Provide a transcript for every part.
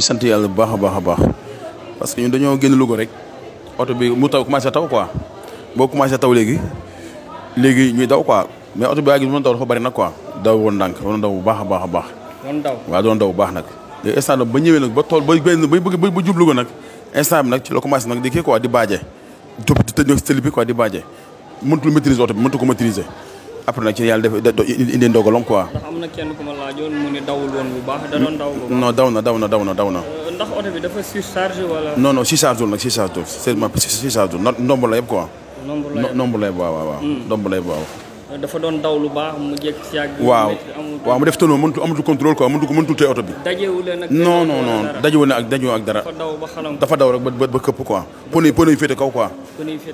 ñu sant yàlla bu baax a baax a baax parce que ñun dañoo génn Louga rek oto bi mu taw commencé taw quoi boo commencé taw léegi léegi ñuy daw quoi mais oto bi waa gi mën daw dafa bari nag quoi daw woon ndànk woon daw bu baax a a baax. doon daw waaw instant bi ba ñëwee nag ba tool ba ba ba jub Louga nag instant bi nag ci la commencé nag di kii quoi di baaje. di topp di tëj nag style bi quoi di baaje mënut lu maîtriser bi mënut ko maîtriser après nag ci yàlla def indi ndogalam quoi. ndax kenn ku ma laajoon mu ne dawul woon bu baax. da doon daw bu daw na daw na daw na daw na. Euh, ndax oto bi dafa surchargé wala. non non surchargé wul nag surchargé la yëpp quoi. ndomb la yëpp ndomb la yëpp waaw hmm. euh, dafa doon daw lu baax mu jékki si yàgg. waaw waaw mu def tonneau mëntu amatul contrôle quoi mëntu mëntu tee oto bi. dajewu leen ak non non non dajewu leen ak dajewu ak dara. dafa daw ba xalam daw rek ba ba këpp quoi. pneu pneu yu féete kaw quoi.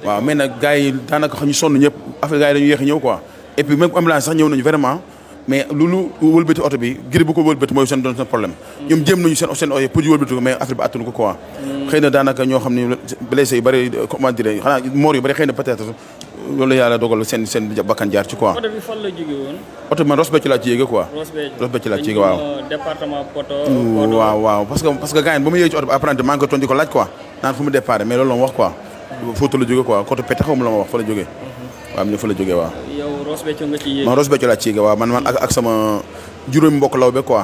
waaw mais nag gars yi daanaka ñu sonn ñëpp affaire gars yi dañu yéex a ñëw quoi et puis même ambulance sax ñëw nañu vraiment mais loolu wëlbati oto bi giri bu ko wëlbati mooy seen doon seen problème ñoom jéem nañu seen seen oyo pour ñu mais affaire bi attunu ko quoi daanaka ñoo xam ne blessé yu bëri comment dire xanaa loolu yàlla dogal seen seen jaar ci quoi. oto bi bi man Ross Béthio laa ci yéege quoi. Ross Béthio laa waaw. waaw parce que parce que gars ba mu yéege ci oto bi apprenti maa ngi ko laaj quoi naan fu mu mais waaw am na fa la jógee waaw. yow Ross Béthio nga man Ross Béthio laa ci man man ak ak sama juróomi mbokk law be quoi.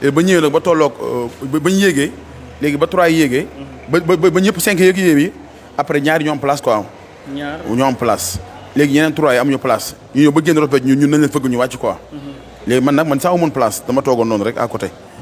Hmm. ba ñëwee nag ba tolloog euh, ba ñu yéegee léegi ba trois yéegee. ba ba ba ñëpp cinq yéeg yi après ñaari ñoom am place quoi. ñaar ñoo am place. léegi ñeneen trois yi amuñu place ñu ñëw ba ñun nañ leen fëgg ñu wàcc quoi. Hmm. léegi man nag man saa amoon place dama toogoon noonu rek a côté.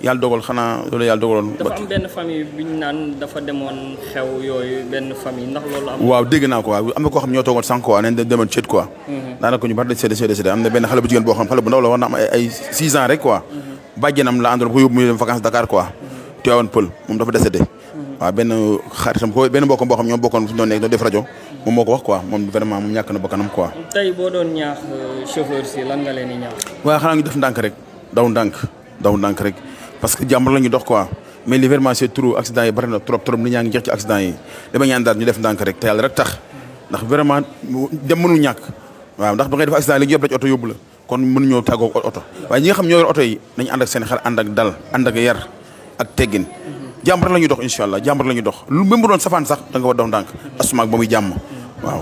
yàlla dogal xanaa loolu yàlla dogaloon. dafa am benn famille bi naan dafa demoon xew yooyu benn famille ndax loolu am. waaw dégg naa quoi am na koo xam ñoo toogoon sànq quoi nañ demoon ceet quoi. Mhm. daanaka ñu bari dañ seede seede seede am na benn xale bu jigéen boo xam xale bu ndaw la war mhm. ko mhm. waaw benn xaritam ko benn mbokkam boo xam ñoom bokkoon fu ñu doon nekk doon def rajo moom moo ko wax quoi moom vraiment moom ñàkk na bakkanam quoi. tey boo doon ñaax euh, chauffeur si lan nga leen di ñaax. waaw xanaa ñu def ndànk rek daw ndànk daw ndànk rek parce que jàmbur la ñu dox quoi mais li vraiment c'est trop accident yi bari na trop trop nit ñaa ñu def ndànk rek te yàlla rek tax ndax vraiment dem mënul ñàkk waaw ndax ba ngay def accident li ñu yóbbu oto yóbbu la kon mënuñoo tàggoo oto waaye ñi nga xam ñoo yor ot yi nañu ànd ak seen xel ànd ak dal ànd ak yar ak teggin jàmbur la ñuy dox incha allah jàmbur la ñuy dox lu même bu doon safaan sax da nga war dox asumaak ba muy